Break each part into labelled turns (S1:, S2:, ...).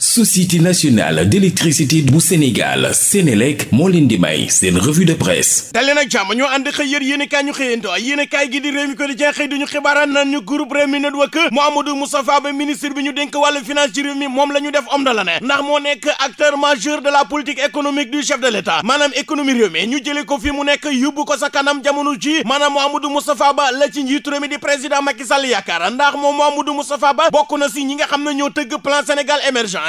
S1: société nationale d'électricité bu Sénégal Sénélec moo leen di may seen revue de presse dalee nag jàmm ñoo ànd xëy yër yéenekaay ñu xëyanto yéenekaay gi di Rewmi Quotidien xëy duñu xibaara nan ñu groupe Rewmi Network Mouhamadou Moustapha Ba ministre bi ñu dénk wàllu finance ci réew mi moom la ñu def homme de l'année ndax moo nekk acteur majeur de la politique économique du chef de l'État maanaam économie réew mi ñu jële ko fi mu nekk yóbbu ko sa kanam jamono ji maanaam Mouhamadou Moustapha Ba président Macky Sall yaakaar ndax moom Mouhamadou Moustapha bokk na si ñi nga xam ne ñoo tëgg plan Sénégal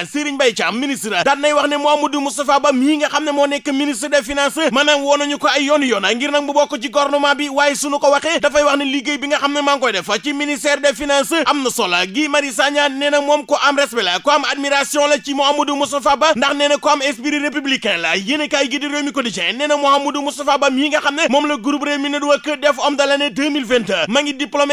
S1: Serigne Mbaye Thiam ministre daan nay wax ne Mouhamadou Moustapha Ba mii nga xam ne moo nekk ministre des finances maanaam woo ko ay yoon yoon ngir nag mu bokk ci bi waaye suñu ko waxee dafay wax ne liggéey bi nga xam ne maa koy def ci ministère des finances am na solo Guy Marius Sagna moom ko am respect la ko am la ci Mouhamadou Moustapha Ba ndax nee na ko am esprit républicain la yéen a kaay gi di Rewmi Quotidien nee na Ba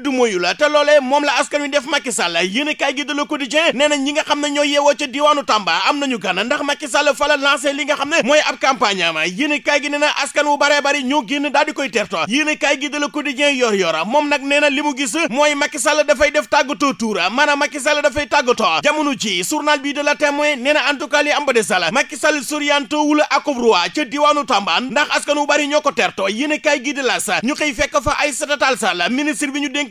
S1: du moyu la te loolee moom la askan wi def Macky la lancé li nga sa ñu xëy fekk fa Aïssata Tall Sall ministre bi ñu dénk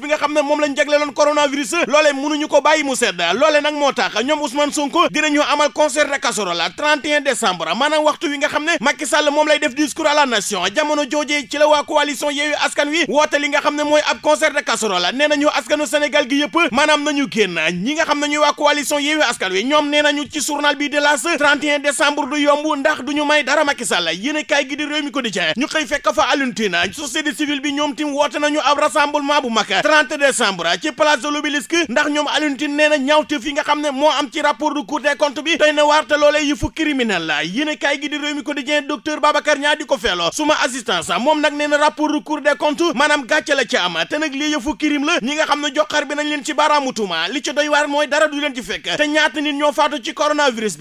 S1: bi nga xam ne moom lañ jagleeloon coronavirus loolee mënuñu ko bàyyi mu sedd loolee nag moo tax ñoom Ousmane Sonko dinañu amal concert de casserole la 31 décembre maanaam waxtu wi nga xam ne Macky Sall moom lay def discours à la nation jamono joojee ci la waa coalition Yewwi Askan Wi woote li nga xam ne mooy ab concert de casserole la nee nañu askanu Sénégal gi yëpp maanaam nañu génn ñi nga xam ne ñuy waa coalition Yewwi Askan Wi ñoom nee nañu ci journal bi de las 31 décembre du yomb ndax duñu may dara Macky Sall yéene kaay gi di réew mi ko di ñu xëy bi ñoom tim woote nañu ab rassemblement bu mag 30 ci place de l'Obélisque ndax ñoom Alioune Tine nee na nga xam ne moo am ci rapport du Cour des comptes bi doy na waar loolee yi fu criminel la yéene kaay gi di Rewmi Quotidien docteur Babacar Niang di ko feelo suma assistance moom nag nee rapport du Cour des comptes maanaam gàcce la ci am te nag lii yëfu crime la ñi nga xam ne joxar bi nañ leen ci baaraamu tuuma li ci doy waar mooy dara du leen ci fekk te ñaata nit ñoo faatu ci coronavirus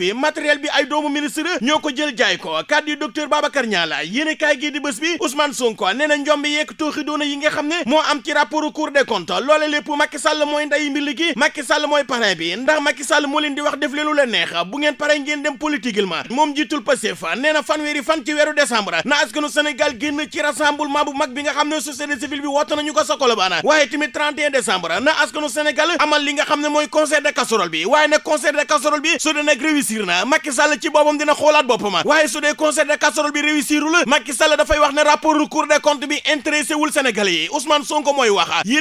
S1: des comptes loole lépp Macky Sall mooy nday mbili gi Macky mooy parrain bi ndax Macky Sall moo di wax def leen neex bu ngeen pare ngeen dem politiquement moom jiitul Pastef nee na fanweeri fan ci weeru décembre na askanu Sénégal génn ci rassemblement bu mag bi xam ne société civile bi woote nañu ko sa Colobane waaye tamit 31 décembre na askanu Sénégal amal li nga xam ne mooy concert de casserole bi waaye nag concert de casserole bi su de casserole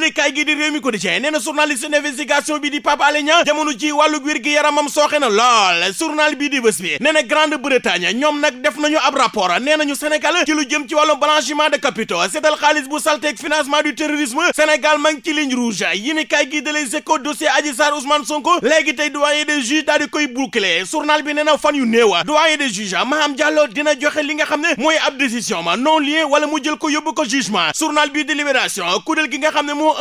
S1: yéenekaay gi di Rewmi Quotidien nee na journaliste d'investigation bi di Pape Alé Niang jamono ji wàllu wér gi yaramam sooxe na lool journal di bés bi nee Grande-Bretagne ñoom nag def nañu ab rapport nee nañu Sénégal ci jëm ci wàllu blanchiment de capitaux seetal xaalis bu salteeg financement du terrorisme Sénégal ma ngi ci ligne rouge yéenekaay gi de Les Échos dossier Adji Sarr Ousmane Sonko léegi tey doyen des juges daal koy boucler journal bi fan yu néewa doyen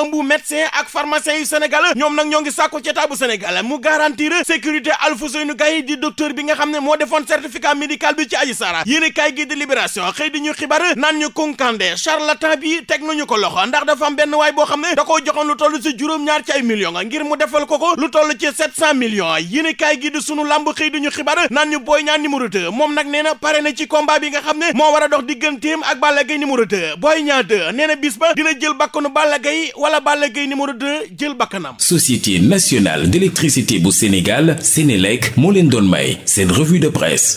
S1: ëmbu médecin ak pharmacien yu Sénégal ñoom nag ñoo ngi sàkku ci état bu Sénégal mu garantir sécurité Alfousseynou Gaye di docteur bi nga xam ne moo defoon certificat médical bi ci Adji Sarr yéene kaay gi di libération xëy di ñu xibaar naan ñu Kunkandé charlatan bi teg nañu ko loxo ndax dafa am benn waay boo xam ne da koo joxoon lu toll si juróom-ñaar ci ay millions ngir mu defal ko ko lu toll ci sept cent millions yéene kaay gi di sunu lamb xëy di ñu xibaar naan ñu Boy Niang numéro 2 moom nag nee na pare na ci combat nga xam ne moo war a dox digganteem ak Balla Gaye numéro 2 Boy Niang 2 nee na bis ba dina jël bakkanu Balla Gaye wala Balla Gaye numéro de jël bakkanam. Société nationale d'électricité bu Sénégal Sénélec moo leen doon may seen revue de presse.